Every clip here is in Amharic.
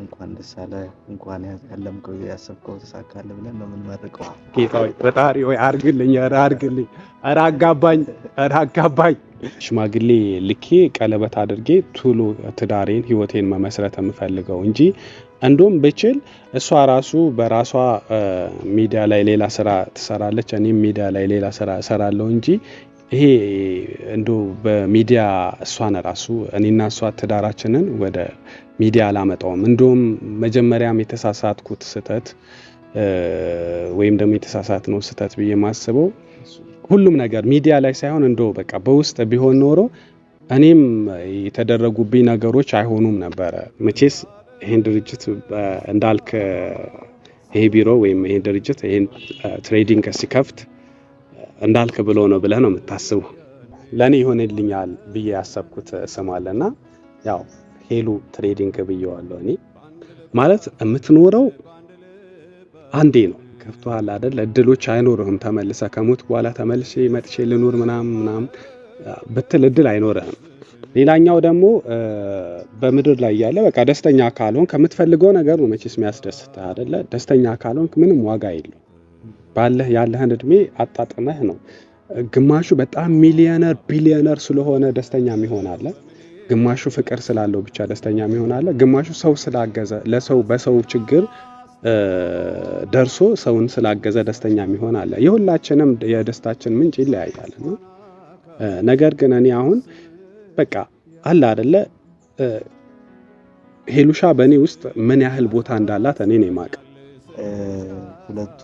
እንኳን ደስ አለ እንኳን ያለምከው ያሰብከው ተሳካለ ብለን ነው የምንመርቀው። ጌታ ፈጣሪ ወይ አርግልኝ፣ ኧረ አርግልኝ፣ ኧረ አጋባኝ፣ ኧረ አጋባኝ። ሽማግሌ ልኬ ቀለበት አድርጌ ቶሎ ትዳሬን ህይወቴን መመስረት የምፈልገው እንጂ እንዶም ብችል እሷ ራሱ በራሷ ሚዲያ ላይ ሌላ ስራ ትሰራለች፣ እኔም ሚዲያ ላይ ሌላ ስራ እሰራለሁ እንጂ ይሄ እንዶ በሚዲያ እሷን ራሱ እኔና እሷ ትዳራችንን ወደ ሚዲያ አላመጣውም። እንደውም መጀመሪያም የተሳሳትኩት ስህተት ወይም ደግሞ የተሳሳት ነው ስህተት ብዬ የማስበው ሁሉም ነገር ሚዲያ ላይ ሳይሆን እንዶ በቃ በውስጥ ቢሆን ኖሮ እኔም የተደረጉብኝ ነገሮች አይሆኑም ነበረ። መቼስ ይሄን ድርጅት እንዳልክ ይሄ ቢሮ ወይም ይሄን ድርጅት ይሄን ትሬዲንግ ሲከፍት እንዳልክ ብሎ ነው ብለህ ነው የምታስቡ። ለእኔ ይሆንልኛል ብዬ ያሰብኩት ስም አለና ያው ሄሉ ትሬዲንግ ብዬዋለሁ። እኔ ማለት የምትኖረው አንዴ ነው። ገብቶሃል አይደል? እድሎች አይኖርህም። ተመልሰ ከሞት በኋላ ተመልሼ መጥቼ ልኑር ምናምን ምናምን ብትል እድል አይኖርህም። ሌላኛው ደግሞ በምድር ላይ ያለ በቃ ደስተኛ ካልሆን ከምትፈልገው ነገር ነው መቼስ የሚያስደስት አይደለ? ደስተኛ ካልሆን ምንም ዋጋ የለው። ባለህ ያለህን እድሜ አጣጥመህ ነው። ግማሹ በጣም ሚሊዮነር ቢሊዮነር ስለሆነ ደስተኛ አለ። ግማሹ ፍቅር ስላለው ብቻ ደስተኛ አለ። ግማሹ ሰው ስላገዘ ለሰው በሰው ችግር ደርሶ ሰውን ስላገዘ ደስተኛ አለ። የሁላችንም የደስታችን ምንጭ ይለያያል ነው። ነገር ግን እኔ አሁን በቃ አለ አደለ ሄሉሻ በእኔ ውስጥ ምን ያህል ቦታ እንዳላት እኔ ነው የማውቅ ሁለቱ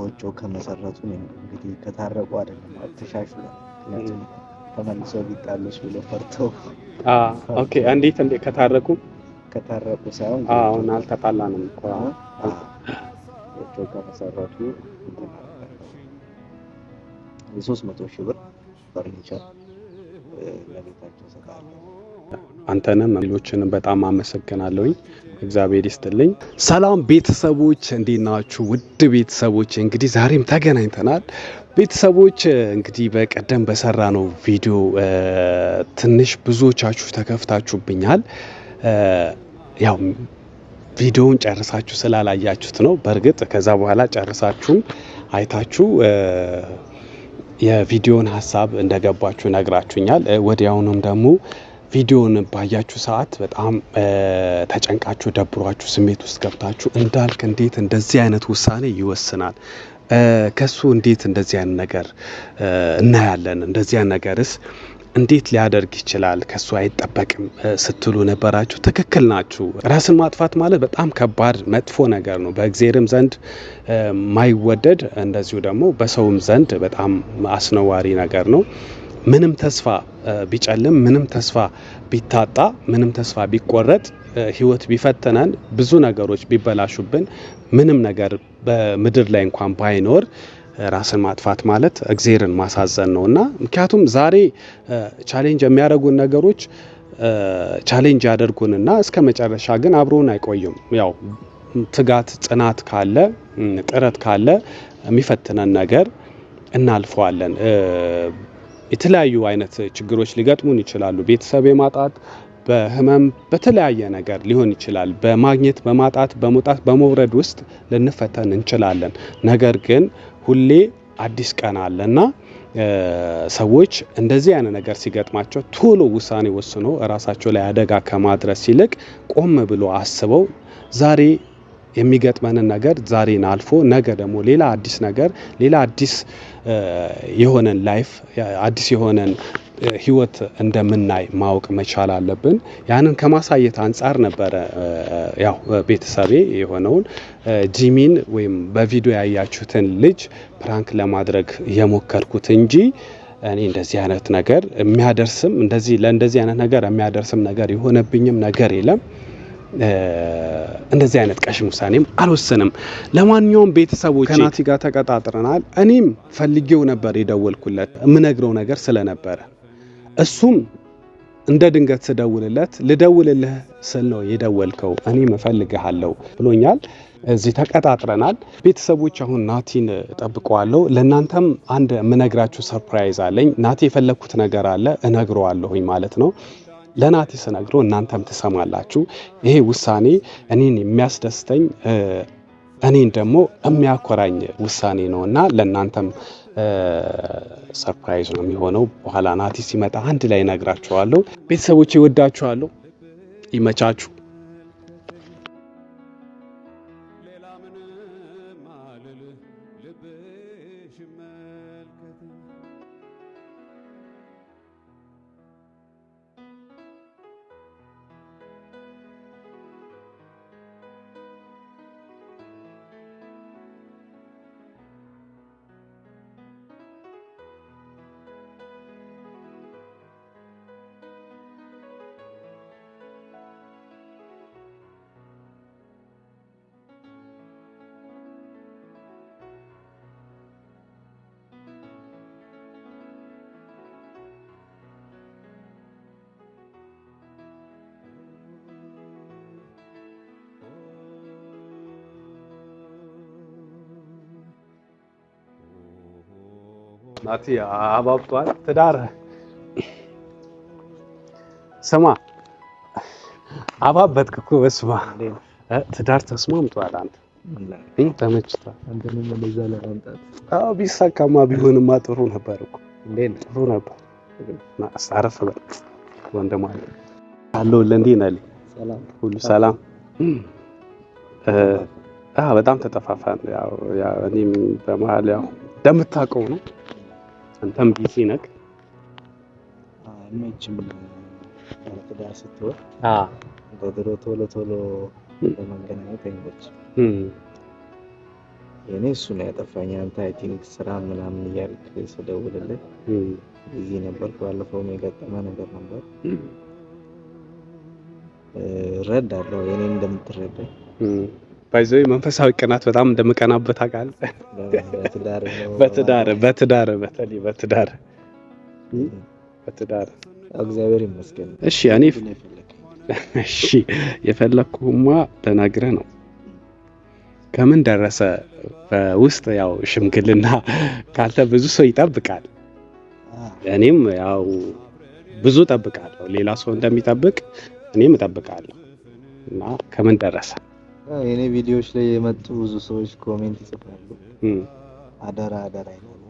ከውጭ ከመሰረቱ እንግዲህ ከታረቁ አይደለም ተሻሽሏል። ምክንያቱም ተመልሰው ሊጣሉስ ብሎ ፈርተው እንዴት እንዴ ከታረቁ ከታረቁ ሳይሆን አሁን አልተጣላንም እኮ ጎጆ ከመሰረቱ የሶስት መቶ ሺህ ብር ፈርኒቸር ለቤታቸው ሰጣለሁ። አንተንም ሌሎችንም በጣም አመሰግናለሁኝ። እግዚአብሔር ይስጥልኝ። ሰላም ቤተሰቦች እንዴት ናችሁ? ውድ ቤተሰቦች እንግዲህ ዛሬም ተገናኝተናል። ቤተሰቦች እንግዲህ በቀደም በሰራ ነው ቪዲዮ ትንሽ ብዙዎቻችሁ ተከፍታችሁብኛል። ያው ቪዲዮውን ጨርሳችሁ ስላላያችሁት ነው። በእርግጥ ከዛ በኋላ ጨርሳችሁም አይታችሁ የቪዲዮን ሀሳብ እንደገባችሁ ነግራችሁኛል። ወዲያውኑም ደግሞ ቪዲዮን ባያችሁ ሰዓት በጣም ተጨንቃችሁ ደብሯችሁ ስሜት ውስጥ ገብታችሁ እንዳልክ እንዴት እንደዚህ አይነት ውሳኔ ይወስናል ከሱ እንዴት እንደዚህ አይነት ነገር እናያለን እንደዚህ አይነት ነገርስ እንዴት ሊያደርግ ይችላል ከሱ አይጠበቅም ስትሉ ነበራችሁ። ትክክል ናችሁ። ራስን ማጥፋት ማለት በጣም ከባድ መጥፎ ነገር ነው። በእግዜርም ዘንድ ማይወደድ እንደዚሁ ደግሞ በሰውም ዘንድ በጣም አስነዋሪ ነገር ነው። ምንም ተስፋ ቢጨልም፣ ምንም ተስፋ ቢታጣ፣ ምንም ተስፋ ቢቆረጥ፣ ህይወት ቢፈተነን፣ ብዙ ነገሮች ቢበላሹብን፣ ምንም ነገር በምድር ላይ እንኳን ባይኖር ራስን ማጥፋት ማለት እግዜርን ማሳዘን ነው እና ምክንያቱም ዛሬ ቻሌንጅ የሚያደርጉን ነገሮች ቻሌንጅ ያደርጉንና እስከ መጨረሻ ግን አብሮን አይቆዩም። ያው ትጋት፣ ጽናት ካለ ጥረት ካለ የሚፈትነን ነገር እናልፈዋለን። የተለያዩ አይነት ችግሮች ሊገጥሙን ይችላሉ። ቤተሰብ የማጣት በህመም በተለያየ ነገር ሊሆን ይችላል። በማግኘት በማጣት በመውጣት በመውረድ ውስጥ ልንፈተን እንችላለን። ነገር ግን ሁሌ አዲስ ቀን አለና ሰዎች እንደዚህ አይነት ነገር ሲገጥማቸው ቶሎ ውሳኔ ወስኖ እራሳቸው ላይ አደጋ ከማድረስ ይልቅ ቆም ብሎ አስበው ዛሬ የሚገጥመንን ነገር ዛሬን አልፎ ነገ ደግሞ ሌላ አዲስ ነገር ሌላ አዲስ የሆነን ላይፍ አዲስ የሆነን ህይወት እንደምናይ ማወቅ መቻል አለብን። ያንን ከማሳየት አንጻር ነበረ ያው ቤተሰቤ የሆነውን ጂሚን ወይም በቪዲዮ ያያችሁትን ልጅ ፕራንክ ለማድረግ የሞከርኩት እንጂ እኔ እንደዚህ አይነት ነገር የሚያደርስም እንደዚህ ለእንደዚህ አይነት ነገር የሚያደርስም ነገር የሆነብኝም ነገር የለም። እንደዚህ አይነት ቀሽም ውሳኔም አልወሰንም። ለማንኛውም ቤተሰቦች ከናቲ ጋር ተቀጣጥረናል። እኔም ፈልጌው ነበር የደወልኩለት የምነግረው ነገር ስለነበረ እሱም እንደ ድንገት ስደውልለት ልደውልልህ ስል ነው የደወልከው እኔም እፈልግሃለሁ ብሎኛል። እዚህ ተቀጣጥረናል። ቤተሰቦች አሁን ናቲን ጠብቀዋለሁ። ለእናንተም አንድ የምነግራችሁ ሰርፕራይዝ አለኝ። ናቲ የፈለግኩት ነገር አለ እነግረዋለሁኝ ማለት ነው። ለናቲ ስነግረው እናንተም ትሰማላችሁ። ይሄ ውሳኔ እኔን የሚያስደስተኝ እኔን ደግሞ የሚያኮራኝ ውሳኔ ነው እና ለእናንተም ሰርፕራይዝ ነው የሚሆነው። በኋላ ናቲ ሲመጣ አንድ ላይ ነግራችኋለሁ። ቤተሰቦች ይወዳችኋለሁ። ይመቻችሁ። ናቲ አባብቷል። ትዳር ስማ አባበትክ እኮ በስማ ትዳር ተስማምቷል። አንተ እኔ ተመችቷል። አዎ ቢሳካማ ቢሆንማ ጥሩ ነበር እኮ እንዴ፣ ጥሩ ነበር። እና አረፍ በል ወንድም አለ አለሁልህ። ነል ነህ? ሁሉ ሰላም በጣም ተጠፋፋን። ያው እኔም በመሀል ያው እንደምታውቀው ነው አንተም ቢዚ ነክ አይመችም ለትዳር በድሮ ቶሎ ቶሎ ለመገናኘት አይመችም። የእኔ እሱ ነው ያጠፋኝ። አንተ አይ ቲንክ ስራ ምናምን እያልክ ስደውልልህ ቢዚ የገጠመ ነገር ነበር። እረዳለሁ እንደምትረዳኝ ባይዘይ መንፈሳዊ ቅናት በጣም እንደምቀናበት አቃል በትዳር በትዳር በተለይ በትዳር በትዳር እግዚአብሔር ይመስገን። እሺ አኒፍ እሺ የፈለግኩማ ልነግርህ ነው። ከምን ደረሰ በውስጥ ያው ሽምግልና ካልተ ብዙ ሰው ይጠብቃል። እኔም ያው ብዙ ጠብቃለሁ። ሌላ ሰው እንደሚጠብቅ እኔም እጠብቃለሁ እና ከምን ደረሰ የኔ ቪዲዮዎች ላይ የመጡ ብዙ ሰዎች ኮሜንት ይጽፋሉ። አደራ አደራ ይላሉ፣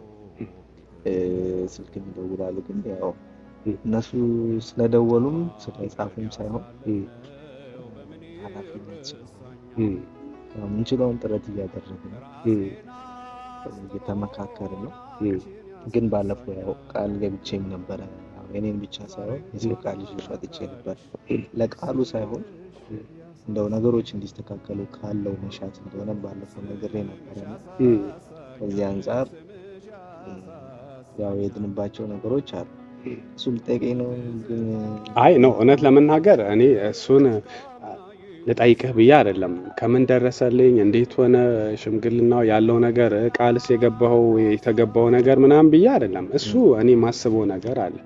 ስልክ ይደውላሉ። ግን ያው እነሱ ስለደወሉም ስለጻፉም ሳይሆን ኃላፊነት የምንችለውን ጥረት ነው፣ እየተመካከርን ነው። ግን ባለፈው ያው ቃል ገብቼም ነበረ እኔን ብቻ ሳይሆን የሰው ቃል ልጅ ፈጥቼ ነበር ለቃሉ ሳይሆን እንደው ነገሮች እንዲስተካከሉ ካለው መሻት እንደሆነ ባለፈው ነገር ነበረ። ከዚህ አንጻር ያው የድንባቸው ነገሮች አሉ። እሱም ጠይቀኝ ነው። አይ ነው እውነት ለመናገር እኔ እሱን ልጠይቅህ ብዬ አይደለም። ከምን ደረሰልኝ፣ እንዴት ሆነ ሽምግልናው ያለው ነገር፣ ቃልስ የገባው የተገባው ነገር ምናምን ብዬ አይደለም። እሱ እኔ ማስበው ነገር አለ።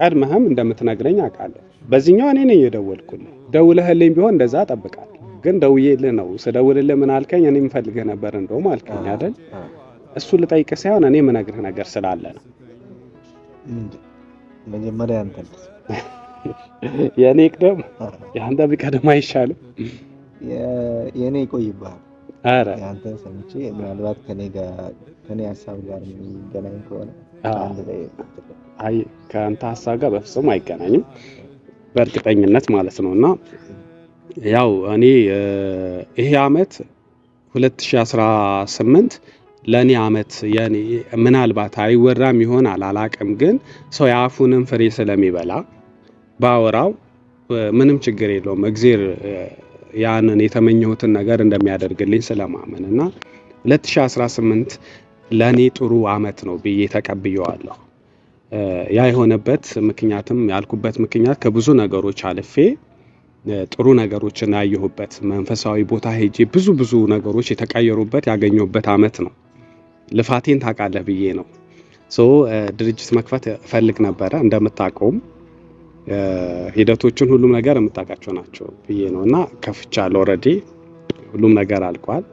ቀድመህም እንደምትነግረኝ አውቃለሁ። በዚህኛው እኔ ነኝ የደወልኩልህ። ደውለህልኝ ቢሆን እንደዛ ጠብቃል። ግን ደውዬልህ ነው ስደውልልህ ምን አልከኝ? እኔ የምፈልግህ ነበር እንደውም አልከኝ አይደል? እሱ ልጠይቅህ ሳይሆን እኔ የምነግርህ ነገር ስላለ ነው። መጀመሪያ አንተ የእኔ ቅደም፣ የአንተ ቢቀደም አይሻልም? የእኔ ይቆይብሃል። ኧረ የአንተ ሰምቼ ምናልባት ከኔ ጋር ከኔ ሀሳብ ጋር የሚገናኝ ከሆነ አይ ከአንተ ሀሳብ ጋር በፍጹም አይገናኝም። በእርግጠኝነት ማለት ነው። እና ያው እኔ ይሄ አመት 2018 ለእኔ አመት ምናልባት አይወራም ይሆናል አላቅም፣ ግን ሰው የአፉንም ፍሬ ስለሚበላ ባወራው ምንም ችግር የለውም። እግዜር ያንን የተመኘሁትን ነገር እንደሚያደርግልኝ ስለማመን እና 2018 ለእኔ ጥሩ አመት ነው ብዬ ተቀብየዋለሁ። ያ የሆነበት ምክንያትም ያልኩበት ምክንያት ከብዙ ነገሮች አልፌ ጥሩ ነገሮችን ያየሁበት መንፈሳዊ ቦታ ሄጄ ብዙ ብዙ ነገሮች የተቀየሩበት ያገኘሁበት አመት ነው። ልፋቴን ታውቃለህ ብዬ ነው። ድርጅት መክፈት እፈልግ ነበረ። እንደምታውቀውም ሂደቶችን ሁሉም ነገር የምታውቃቸው ናቸው ብዬ ነው እና ከፍቻለሁ። ኦልሬዲ ሁሉም ነገር አልቋል።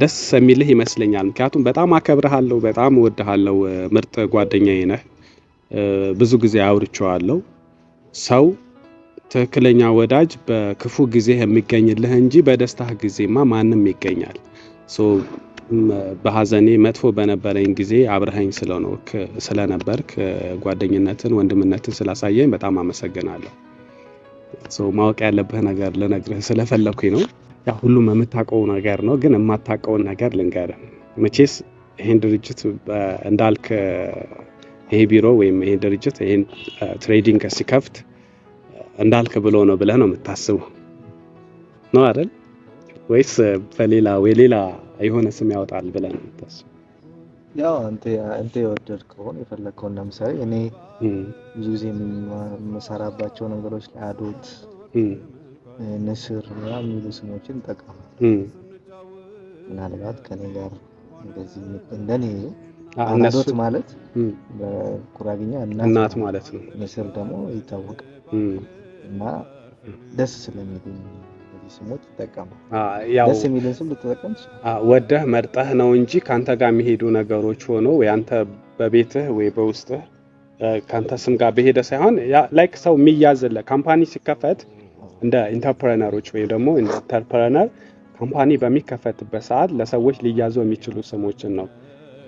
ደስ የሚልህ ይመስለኛል። ምክንያቱም በጣም አከብረሃለሁ፣ በጣም እወድሃለሁ፣ ምርጥ ጓደኛዬ ነህ። ብዙ ጊዜ አውርቼዋለሁ። ሰው ትክክለኛ ወዳጅ በክፉ ጊዜ የሚገኝልህ እንጂ በደስታህ ጊዜማ ማንም ይገኛል። በሐዘኔ መጥፎ በነበረኝ ጊዜ አብረሃኝ ስለኖርክ ስለነበርክ ጓደኝነትን ወንድምነትን ስላሳየኝ በጣም አመሰግናለሁ። ማወቅ ያለብህ ነገር ልነግርህ ስለፈለኩኝ ነው። ያው ሁሉም የምታውቀው ነገር ነው፣ ግን የማታውቀውን ነገር ልንገርህ። መቼስ ይህን ድርጅት እንዳልክ ይሄ ቢሮ ወይም ይሄ ድርጅት ይሄን ትሬዲንግ ሲከፍት እንዳልክ ብሎ ነው ብለህ ነው የምታስበው ነው አይደል? ወይስ በሌላ ወይ ሌላ የሆነ ስም ያወጣል ብለህ ነው የምታስበው? ያው አንተ አንተ የወደድከውን የፈለግከውን ለምሳሌ እኔ ብዙ ጊዜ የምሰራባቸው ነገሮች ላይ አዶት ንስር የሚሉ ስሞችን ይጠቀማል። ምናልባት ከኔ ጋር እንደዚህ እንደኔ አናዶት ማለት በኩራግኛ እናት ማለት ነው። ንስር ደግሞ ይታወቃል እና ደስ ስለሚሉኝ ደስ የሚልን ስም ልትጠቀም ወደህ መርጠህ ነው እንጂ ከአንተ ጋር የሚሄዱ ነገሮች ሆኖ ወይ አንተ በቤትህ ወይ በውስጥህ ከአንተ ስም ጋር በሄደ ሳይሆን ላይክ ሰው የሚያዝለ ካምፓኒ ሲከፈት እንደ ኢንተርፕረነሮች ወይም ደግሞ ኢንተርፕረነር ካምፓኒ በሚከፈትበት ሰዓት ለሰዎች ሊያዙ የሚችሉ ስሞችን ነው።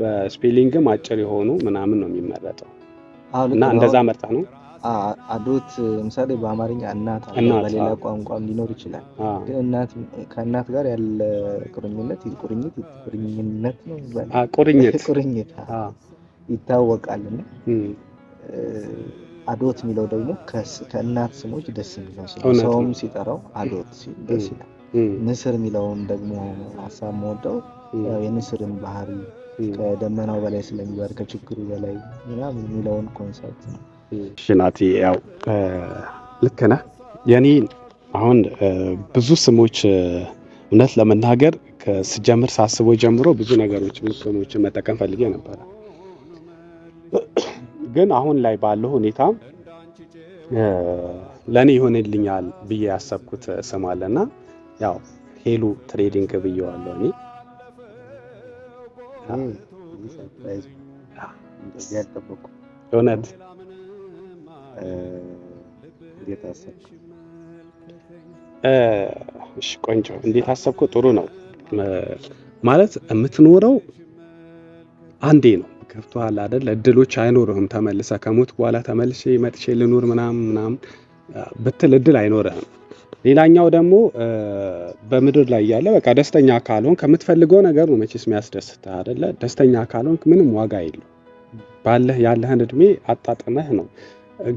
በስፔሊንግም አጭር የሆኑ ምናምን ነው የሚመረጠው እና እንደዛ መርጣ ነው አዶት ምሳሌ በአማርኛ እናት በሌላ ቋንቋም ሊኖር ይችላል። ግን እናት ከእናት ጋር ያለ ቁርኝነት ቁርኝት ቁርኝነት ነው ቁርኝት ቁርኝት ይታወቃል አዶት የሚለው ደግሞ ከእናት ስሞች ደስ የሚለው ሰውም ሲጠራው አዶት ደስ ይላል። ንስር የሚለውን ደግሞ ሀሳብ መወደው የንስርን ባህሪ ከደመናው በላይ ስለሚበር ከችግሩ በላይ ምናምን የሚለውን ኮንሰርት ነው። ሽናቲ ያው ልክ ነህ። የኔ አሁን ብዙ ስሞች እውነት ለመናገር ከስጀምር ሳስቦ ጀምሮ ብዙ ነገሮች ብዙ ስሞችን መጠቀም ፈልጌ ነበረ ግን አሁን ላይ ባለው ሁኔታ ለእኔ ይሆንልኛል ብዬ ያሰብኩት ስም አለና ያው ሄሉ ትሬዲንግ ብዬዋለሁ እኔ እውነት እሺ፣ ቆንጆ እንዴት አሰብኩ? ጥሩ ነው ማለት የምትኖረው አንዴ ነው ከፍቶሃል አይደል? እድሎች አይኖርህም። ተመልሰ ከሞት በኋላ ተመልሼ መጥቼ ልኑር ምናምን ምናምን ብትል እድል አይኖርህም። ሌላኛው ደግሞ በምድር ላይ ያለ በቃ ደስተኛ ካልሆን ከምትፈልገው ነገር ነው መቼስ የሚያስደስት አይደለ? ደስተኛ ካልሆን ምንም ዋጋ የለው። ባለህ ያለህን እድሜ አጣጥመህ ነው።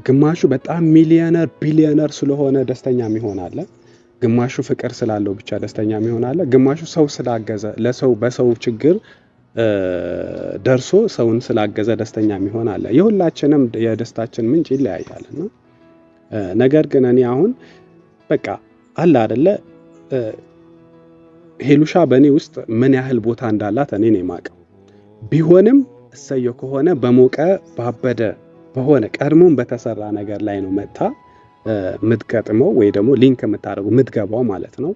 ግማሹ በጣም ሚሊዮነር ቢሊዮነር ስለሆነ ደስተኛ የሚሆን አለ። ግማሹ ፍቅር ስላለው ብቻ ደስተኛ የሚሆን አለ። ግማሹ ሰው ስላገዘ ለሰው በሰው ችግር ደርሶ ሰውን ስላገዘ ደስተኛ የሚሆን አለ። የሁላችንም የደስታችን ምንጭ ይለያያል እና ነገር ግን እኔ አሁን በቃ አለ አደለ ሄሉሻ በእኔ ውስጥ ምን ያህል ቦታ እንዳላት እኔ ነው የማውቀው። ቢሆንም እሰየው ከሆነ በሞቀ ባበደ በሆነ ቀድሞም በተሰራ ነገር ላይ ነው መታ ምትገጥመው ወይ ደግሞ ሊንክ የምታደርገው ምትገባው ማለት ነው።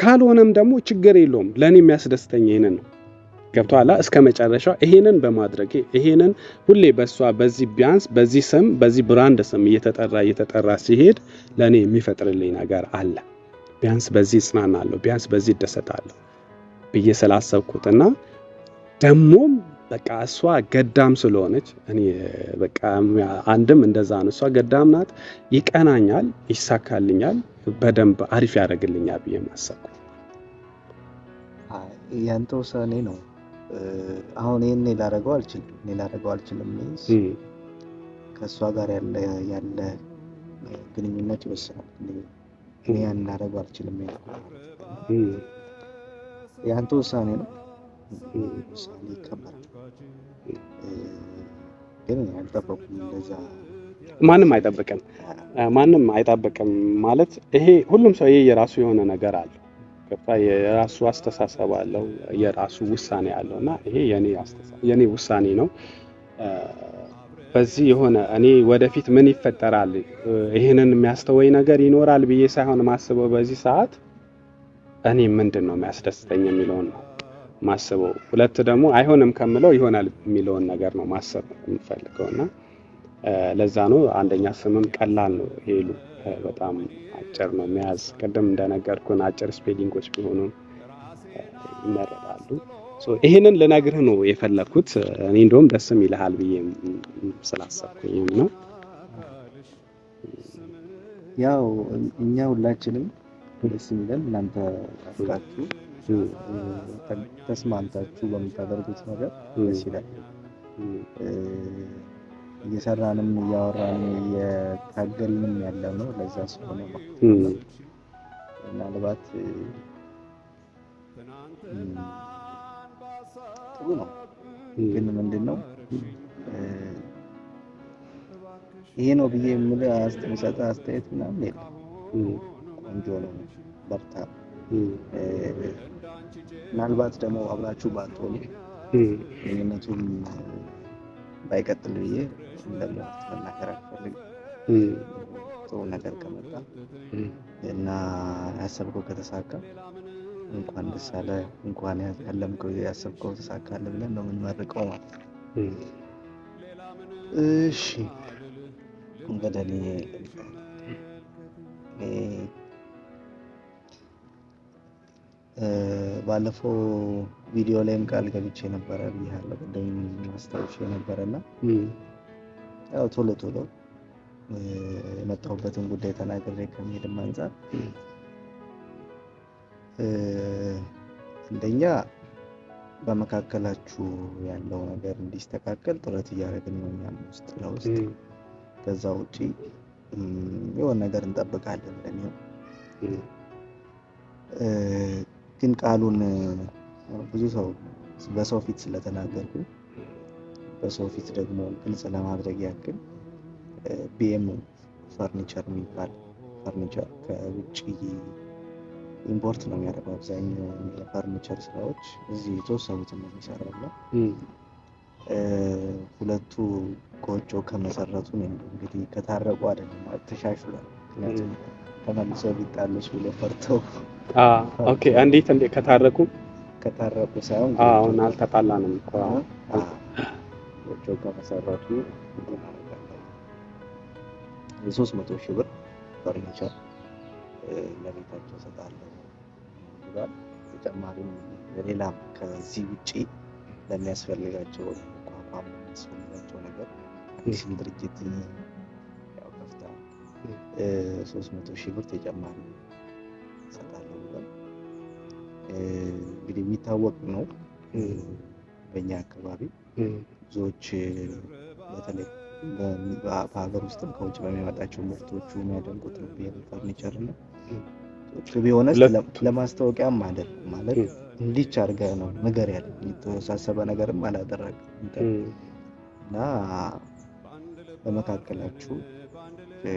ካልሆነም ደግሞ ችግር የለውም ለእኔ የሚያስደስተኝ ይህንን ነው። ገብቶሃል እስከ መጨረሻው ይሄንን በማድረግ ይሄንን ሁሌ በእሷ በዚህ ቢያንስ በዚህ ስም በዚህ ብራንድ ስም እየተጠራ እየተጠራ ሲሄድ ለእኔ የሚፈጥርልኝ ነገር አለ ቢያንስ በዚህ እጽናናለሁ ቢያንስ በዚህ እደሰታለሁ ብዬ ስላሰብኩትና ደግሞም በቃ እሷ ገዳም ስለሆነች እኔ በቃ አንድም እንደዛ ነው። እሷ ገዳም ናት። ይቀናኛል፣ ይሳካልኛል፣ በደንብ አሪፍ ያደርግልኛል ብዬ ማሰብኩ ያንተ ውሳኔ ነው። አሁን ይህን ላደረገው አልችልም እኔ ላደረገው አልችልም ሚንስ ከእሷ ጋር ያለ ያለ ግንኙነት ይወስናል። እኔ ያን ላደረገው አልችልም የአንተ ውሳኔ ነው፣ ውሳኔ ይከበራል። ግን አልጠበቁም እንደዛ ማንም አይጠብቅም። ማንም አይጠብቅም ማለት ይሄ ሁሉም ሰው ይሄ የራሱ የሆነ ነገር አለ በሚገባ የራሱ አስተሳሰብ አለው፣ የራሱ ውሳኔ አለው እና ይሄ የኔ ውሳኔ ነው። በዚህ የሆነ እኔ ወደፊት ምን ይፈጠራል ይህንን የሚያስተወይ ነገር ይኖራል ብዬ ሳይሆን ማስበው በዚህ ሰዓት እኔ ምንድን ነው የሚያስደስተኝ የሚለውን ነው ማስበው። ሁለት ደግሞ አይሆንም ከምለው ይሆናል የሚለውን ነገር ነው ማሰብ የምፈልገው እና ለዛ ነው አንደኛ ስምም ቀላል ነው ሄሉ በጣም አጭር ነው መያዝ። ቅድም እንደነገርኩን አጭር ስፔሊንጎች ቢሆኑ ይመረጣሉ። ይህንን ልነግርህ ነው የፈለግኩት። እኔ እንደውም ደስም ይልሃል ብዬ ስላሰብኩኝም ነው። ያው እኛ ሁላችንም ደስ የሚለን እናንተ አፍቃችሁ ተስማምታችሁ በምታደርጉት ነገር ደስ ይላል። እየሰራንም እያወራንም እየታገልንም ያለው ነው። ለዛ ስለሆነ ምናልባት ጥሩ ነው፣ ግን ምንድን ነው ይሄ ነው ብዬ የምልህ አስተምሰጠ አስተያየት ምናምን የለ። ቆንጆ ነው፣ በርታ። ምናልባት ደግሞ አብራችሁ ባትሆኑ ግንኙነቱን ባይቀጥል ብዬ እንደምት መናገር አልፈልግ ጥሩ ነገር ከመጣ እና ያሰብከው ከተሳካ እንኳን ደስ አለ፣ እንኳን ያለምከው ያሰብከው ተሳካለ ብለን ነው የምንመርቀው ማለት ነው። እሺ እንግዲህ እኔ ባለፈው ቪዲዮ ላይም ቃል ገብቼ ነበረ ብያለሁ። ቅድም ማስታወሻ ነበረ እና ያው ቶሎ ቶሎ የመጣሁበትን ጉዳይ ተናግሬ ከመሄድም አንጻር አንደኛ በመካከላችሁ ያለው ነገር እንዲስተካከል ጥረት እያደረግን ነው እኛም ውስጥ ለውስጥ። ከዛ ውጭ የሆን ነገር እንጠብቃለን ለሚሆን ግን ቃሉን ብዙ ሰው በሰው ፊት ስለተናገርኩ በሰው ፊት ደግሞ ግልጽ ለማድረግ ያክል ቢኤም ፈርኒቸር የሚባል ፈርኒቸር ከውጭ ኢምፖርት ነው የሚያደርገው። አብዛኛው የፈርኒቸር ስራዎች እዚህ የተወሰኑት ነው የሚሰራው እና ሁለቱ ጎጆ ከመሰረቱ እንግዲህ ከታረቁ አይደለም ተሻሽሏል። ተመልሰው ሊጣለሱ ብለው ፈርተው ኦኬ። እንዴት ከታረቁ ከታረቁ ሳይሆን አሁን አልተጣላንም እኮ ጎጆ ከመሰረቱ የሶስት መቶ ሺህ ብር ፈርኒቸር ለቤታቸው እሰጣለሁ ይላል። ተጨማሪም ሌላም ከዚህ ውጪ ለሚያስፈልጋቸው ቋቋም የሚያስፈልጋቸው ነገር አዲስም ድርጅት ሶስት መቶ ሺህ ብር ተጨማሪ እሰጣለሁ ብሏል። እንግዲህ የሚታወቅ ነው በእኛ አካባቢ ብዙዎች በተለይ በሀገር ውስጥም ከውጭ በሚመጣቸው ምርቶቹ የሚያደንቁት ነው ብሄር ፈርኒቸር ነው። ቢሆነስ ለማስታወቂያም ማለት ማለት እንዲች አድርገህ ነው ነገር ያለ የተወሳሰበ ነገርም አላደረግ እና በመካከላችሁ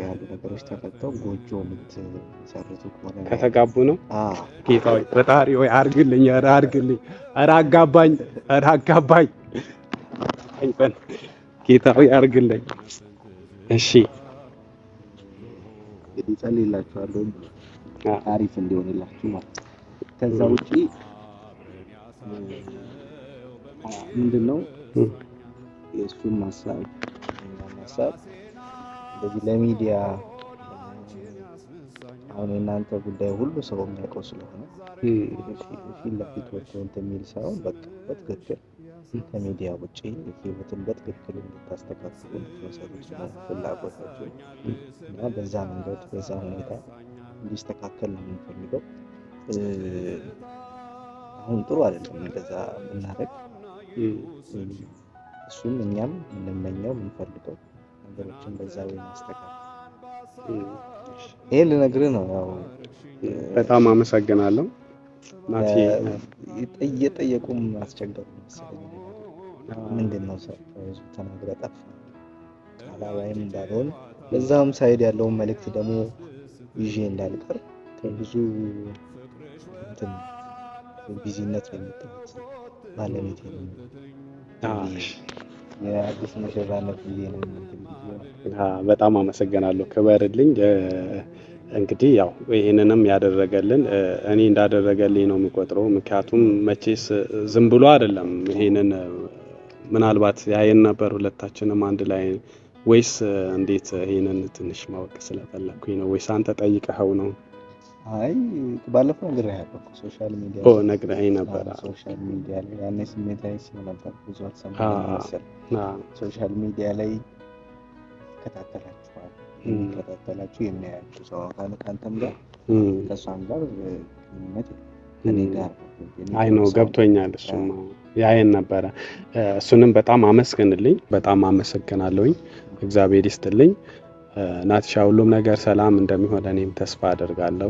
ያሉ ነገሮች ተፈተው ጎጆ የምትሰርቱ ከሆነ ከተጋቡ ነው። ጌታ ሆይ ፈጣሪ ሆይ አርግልኝ፣ ኧረ አርግልኝ፣ ኧረ አጋባኝ፣ ኧረ አጋባኝ፣ ጌታ ሆይ አርግልኝ። እሺ እንግዲህ አሪፍ እንዲሆንላችሁ ማለት ከዛ ውጪ ምንድን ነው የእሱን ማሳብ ማሳብ ስለዚህ ለሚዲያ አሁን የእናንተ ጉዳይ ሁሉ ሰው የሚያውቀው ስለሆነ ፊት ለፊት ወጥቶ የሚል ሳይሆን በትክክል ከሚዲያ ውጭ ህይወትን በትክክል እንድታስተካክሉ ሰዎች ፍላጎታቸው እና በዛ መንገድ በዛ ሁኔታ እንዲስተካከል ነው የምንፈልገው። አሁን ጥሩ አይደለም እንደዛ ብናደርግ፣ እሱም እኛም የምንመኘው የምንፈልገው ነገሮችን በዛ ላይ ማስተካከል ይሄ ልነግርህ ነው። ያው በጣም አመሰግናለሁ ናቲ። እየጠየቁም አስቸገሩ መሰለኝ። ምንድን ነው ሰው ህዝቡ ተናግረ ጠፋ አላባይም እንዳልሆን በዛም ሳይድ ያለውን መልእክት ደግሞ ይዤ እንዳልቀር ከብዙ ቢዚነት ነው የመጣሁት ባለቤቴ ነው የአዲስ ሙሽራነት ጊዜ ነው። በጣም አመሰግናለሁ። ክበርልኝ። እንግዲህ ያው ይህንንም ያደረገልን እኔ እንዳደረገልኝ ነው የሚቆጥረው። ምክንያቱም መቼስ ዝም ብሎ አይደለም። ይህንን ምናልባት ያየን ነበር ሁለታችንም አንድ ላይ ወይስ እንዴት? ይህንን ትንሽ ማወቅ ስለፈለግኩኝ ነው ወይስ አንተ ጠይቀኸው ነው? አይ ባለፈው ነግሬሃለሁ። ሶሻል ሚዲያ ኦ ነግሬሃኝ ሶሻል ሚዲያ ላይ ያኔ ስሜታዊ ስለነበር ብዙ አልሰማሁም ሶሻል ሚዲያ ላይ የሚያያችሁ ሰው ከአንተም ጋር ከእሷም ጋር ግንኙነት እኔ ጋር አይ ነው ገብቶኛል። እሱማ ያየን ነበረ። እሱንም በጣም አመስግንልኝ። በጣም አመሰግናለሁኝ። እግዚአብሔር ይስጥልኝ። ናትሻ ሁሉም ነገር ሰላም እንደሚሆን እኔም ተስፋ አደርጋለሁ።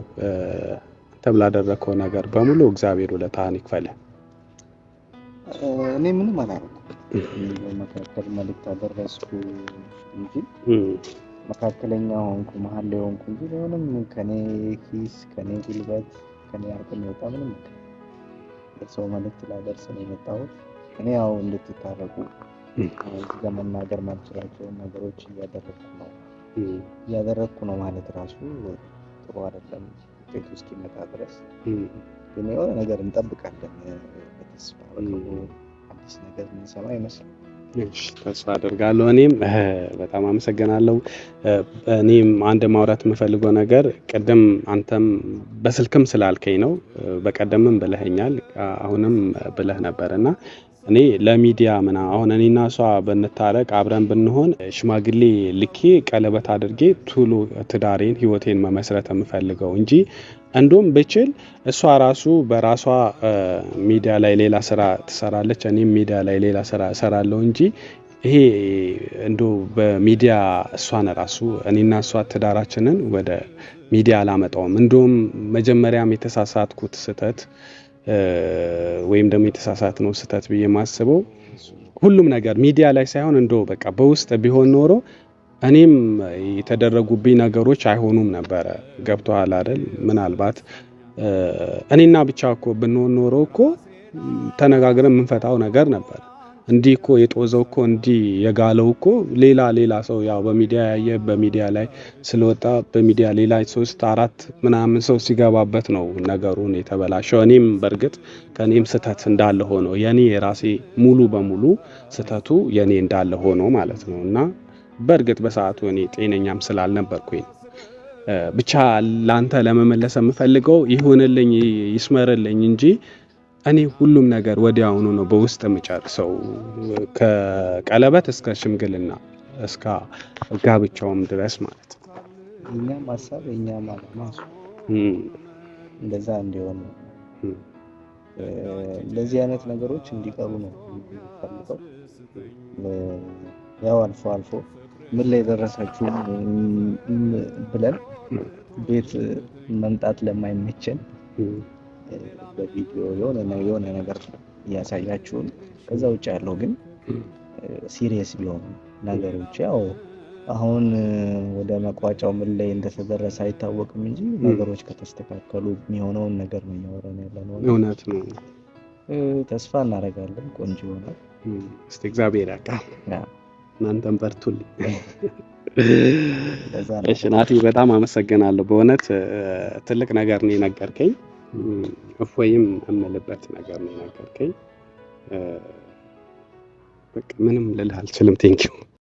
አንተም ላደረግከው ነገር በሙሉ እግዚአብሔር ውለታህን ይክፈልህ። እኔ ምንም አላደረኩም። መካከል መልዕክት አደረስኩ እንጂ መካከለኛ ሆንኩ፣ መሀል ላይ ሆንኩ እንጂ ምንም ከኔ ኪስ፣ ከኔ ጉልበት፣ ከኔ አቅም የወጣ ምንም ሰው መልዕክት ላደርስ ነው የመጣሁት። እኔ ያው እንድትታረቁ ለመናገር ማልችላቸውን ነገሮች እያደረግኩ ነው እያደረግኩ ነው ማለት ራሱ ጥሩ አይደለም። ውጤቱ እስኪመጣ ድረስ ግን የሆነ ነገር እንጠብቃለን በተስፋ አዲስ ነገር ምንሰማ ይመስላል። ተስፋ አድርጋለሁ። እኔም በጣም አመሰግናለሁ። እኔም አንድ ማውራት የምፈልገው ነገር ቅድም አንተም በስልክም ስላልከኝ ነው፣ በቀደምም ብለህኛል አሁንም ብለህ ነበር እና እኔ ለሚዲያ ምና አሁን እኔና እሷ ብንታረቅ አብረን ብንሆን ሽማግሌ ልኬ ቀለበት አድርጌ ቱሎ ትዳሬን ህይወቴን መመስረት የምፈልገው እንጂ እንዲሁም ብችል እሷ ራሱ በራሷ ሚዲያ ላይ ሌላ ስራ ትሰራለች፣ እኔም ሚዲያ ላይ ሌላ ስራ እሰራለሁ እንጂ ይሄ እንዶ በሚዲያ እሷን ራሱ እኔና እሷ ትዳራችንን ወደ ሚዲያ አላመጣውም። እንዲሁም መጀመሪያም የተሳሳትኩት ስህተት ወይም ደግሞ የተሳሳት ነው ስህተት ብዬ ማስበው ሁሉም ነገር ሚዲያ ላይ ሳይሆን እንደ በቃ በውስጥ ቢሆን ኖሮ እኔም የተደረጉብኝ ነገሮች አይሆኑም ነበረ። ገብቶሃል አይደል? ምናልባት እኔና ብቻ እኮ ብንሆን ኖሮ እኮ ተነጋግረን የምንፈታው ነገር ነበር። እንዲህ እኮ የጦዘው እኮ እንዲህ የጋለው እኮ ሌላ ሌላ ሰው ያው በሚዲያ ያየ በሚዲያ ላይ ስለወጣ በሚዲያ ሌላ ሶስት አራት ምናምን ሰው ሲገባበት ነው ነገሩን የተበላሸው። እኔም በእርግጥ ከእኔም ስህተት እንዳለ ሆኖ የኔ የራሴ ሙሉ በሙሉ ስህተቱ የኔ እንዳለ ሆኖ ማለት ነው እና በእርግጥ በሰዓቱ እኔ ጤነኛም ስላልነበርኩኝ ብቻ ላንተ ለመመለስ የምፈልገው ይሁንልኝ ይስመርልኝ እንጂ እኔ ሁሉም ነገር ወዲያውኑ ነው በውስጥ የምጨርሰው። ከቀለበት እስከ ሽምግልና እስከ ጋብቻውም ድረስ ማለት ነው። እኛም ሀሳብ የእኛም አላማ እንደዛ እንዲሆን ነው። እንደዚህ አይነት ነገሮች እንዲቀሩ ነው የሚፈልገው። ያው አልፎ አልፎ ምን ላይ ደረሳችሁ ብለን ቤት መምጣት ለማይመቸን በቪዲዮ የሆነ የሆነ ነገር እያሳያችሁን ከዛ ውጭ ያለው ግን ሲሪየስ ቢሆኑ ነገሮች ያው አሁን ወደ መቋጫው ምን ላይ እንደተደረሰ አይታወቅም እንጂ ነገሮች ከተስተካከሉ የሚሆነውን ነገር ነው እያወራን ያለነው። እውነት ነው። ተስፋ እናደርጋለን ቆንጆ ይሆናል። እስቲ እግዚአብሔር ያውቃል። እናንተን በርቱልኝ። እሺ ናቲ፣ በጣም አመሰግናለሁ። በእውነት ትልቅ ነገር ነው የነገርከኝ። እፎይም የምልበት ነገር ነው የነገርከኝ። በቃ ምንም ልልህ አልችልም። ቴንኪው